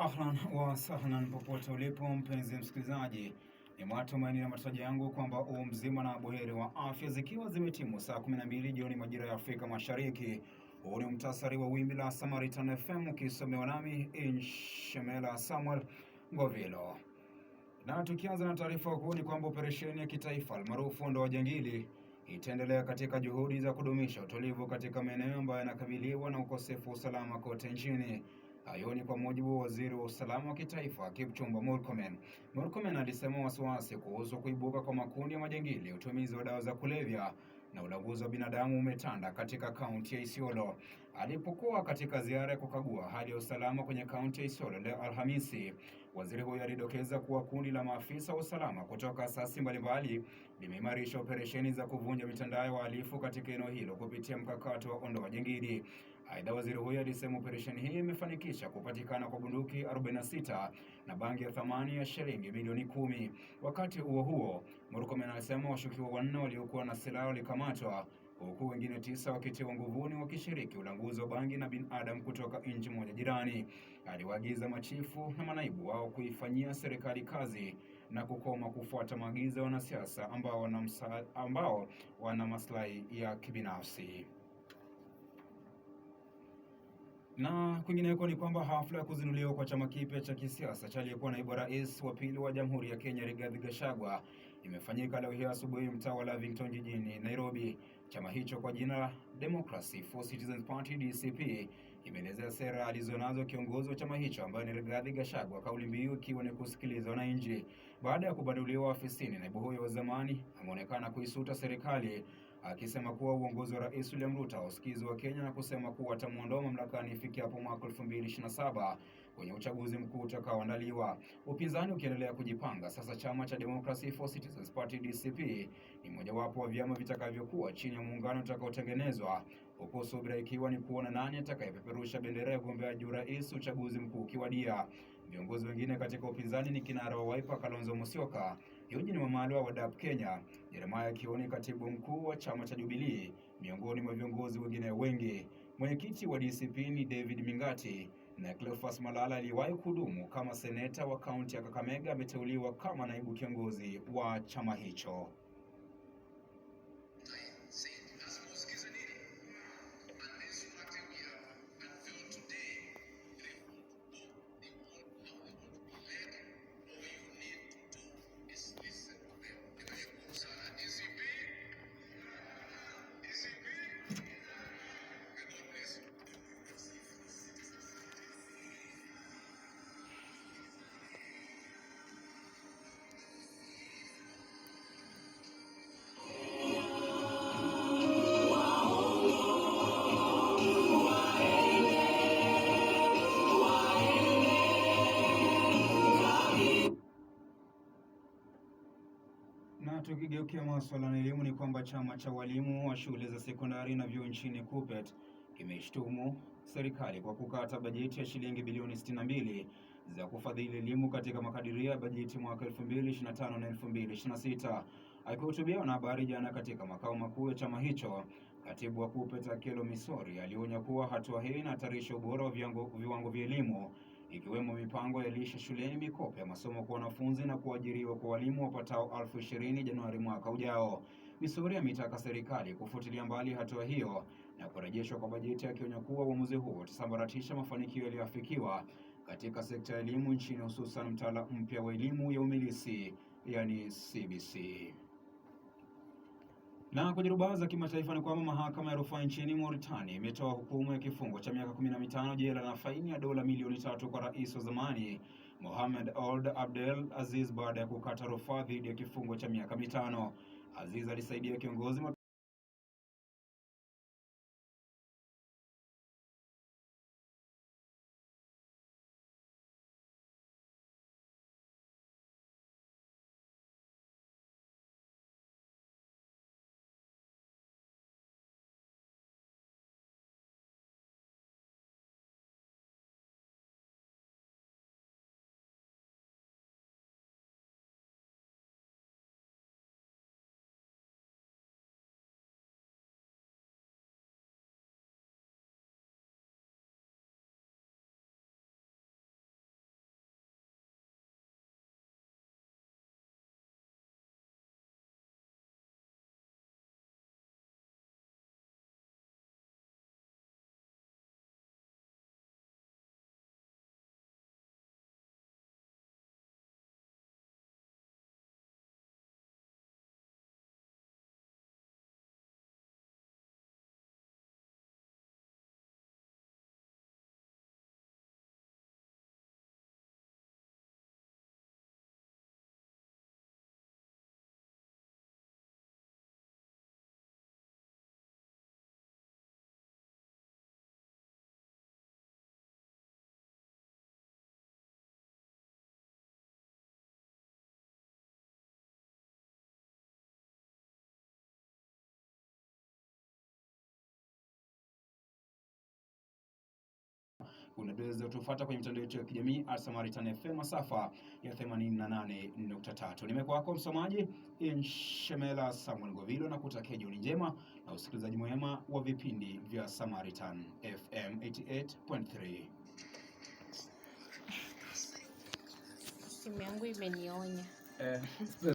Ahlan wa sahlan, popote ulipo mpenzi msikilizaji, ni matumaini na matarajio yangu kwamba u mzima na buheri wa afya, zikiwa zimetimu saa 12 jioni majira ya Afrika Mashariki. Huu ni mtasari wa wimbi la Samaritan FM ukisomewa nami Inshemela Samuel Ngovilo, na tukianza na taarifa kuu ni kwamba operesheni ya kitaifa almaarufu ndoa jangili itaendelea katika juhudi za kudumisha utulivu katika maeneo ambayo yanakabiliwa na ukosefu wa usalama kote nchini. Hayo ni kwa mujibu wa waziri wa usalama wa kitaifa Kipchumba Murkomen. Murkomen alisema wasiwasi kuhusu kuibuka kwa makundi ya majangili, utumizi wa dawa za kulevya na ulaguzi wa binadamu umetanda katika kaunti ya Isiolo. Alipokuwa katika ziara ya kukagua hali ya usalama kwenye kaunti ya Isiolo leo Alhamisi, waziri huyo alidokeza kuwa kundi la maafisa wa usalama kutoka asasi mbalimbali limeimarisha operesheni za kuvunja mitandao ya wahalifu katika eneo hilo kupitia mkakati wa ondoa jangili. Aidha, waziri huyo alisema operesheni hii imefanikisha kupatikana kwa bunduki 46 na bangi ya thamani ya shilingi milioni kumi. Wakati huo huo, Murkomen alisema washukiwa wanne waliokuwa na silaha walikamatwa huku wengine tisa wakitiwa nguvuni wakishiriki ulanguzi wa bangi na binadamu kutoka nchi moja jirani. Aliwaagiza machifu na manaibu wao kuifanyia serikali kazi na kukoma kufuata maagizo ya wanasiasa ambao wana maslahi ya kibinafsi. Na kwingineko ni kwamba hafla ya kuzinduliwa kwa chama kipya cha kisiasa cha aliyekuwa naibu rais wa pili wa Jamhuri ya Kenya Rigathi Gachagua imefanyika leo hii asubuhi mtaa wa Lavington jijini Nairobi. Chama hicho kwa jina Democracy for Citizens Party DCP imeelezea sera alizonazo kiongozi wa chama hicho ambaye ni Rigathi Gachagua, kauli mbiu ikiwa ni kusikiliza wananchi. Baada ya kubanduliwa ofisini, naibu huyo wa zamani ameonekana kuisuta serikali akisema kuwa uongozi wa Rais William Ruto hausikizi wa Kenya na kusema kuwa atamwondoa mamlakani ifikapo mwaka 2027 kwenye uchaguzi mkuu utakaoandaliwa. Upinzani ukiendelea kujipanga, sasa chama cha Democracy for Citizens Party DCP ni mojawapo wa vyama vitakavyokuwa chini ya muungano utakaotengenezwa, huku subira ikiwa ni kuona nani atakayepeperusha bendera ya gombea juu rais uchaguzi mkuu ukiwadia. Viongozi wengine katika upinzani ni kinara wa Wiper Kalonzo Musyoka ni Wamalwa wa DAP Kenya, Jeremiah Kioni katibu mkuu wa chama cha Jubilee, miongoni mwa viongozi wengine wengi. Mwenyekiti wa DCP ni David Mingati na Cleophas Malala aliwahi kuhudumu kama seneta wa kaunti ya Kakamega ameteuliwa kama naibu kiongozi wa chama hicho. Na tukigeukia masuala na elimu ni kwamba chama cha walimu wa shule za sekondari na vyuo nchini KUPPET kimeshtumu serikali kwa kukata bajeti ya shilingi bilioni 62 za kufadhili elimu katika makadirio ya bajeti mwaka 2025 na 2026. Akihutubia wanahabari jana katika makao makuu ya chama hicho, katibu wa KUPPET Akelo Misori alionya kuwa hatua hii inahatarisha ubora wa viwango vya elimu ikiwemo mipango ya lishe shuleni, mikopo ya masomo kwa wanafunzi na kuajiriwa kwa walimu wapatao elfu ishirini Januari mwaka ujao. Misuri ameitaka serikali kufutilia mbali hatua hiyo na kurejeshwa kwa bajeti, akionya kuwa uamuzi huo utasambaratisha mafanikio yaliyoafikiwa katika sekta ya elimu nchini, hususan mtaala mpya wa elimu ya umilisi, yani CBC. Na kwenye rubaa za kimataifa ni kwamba mahakama ya rufaa nchini Mauritania imetoa hukumu ya kifungo cha miaka 15 jela na faini ya dola milioni tatu kwa rais wa zamani Mohamed Ould Abdel Aziz baada ya kukata rufaa dhidi ya kifungo cha miaka mitano. Aziz alisaidia kiongozi Unaweza kutufuata kwenye mitandao yetu ya kijamii Samaritan FM masafa ya 88.3. Nimekuwa wako msomaji Nshemela Samuel Govilo, na kutakia jioni njema na usikilizaji mwema wa vipindi vya Samaritan FM 88.3. Simu yangu imenionya. Eh.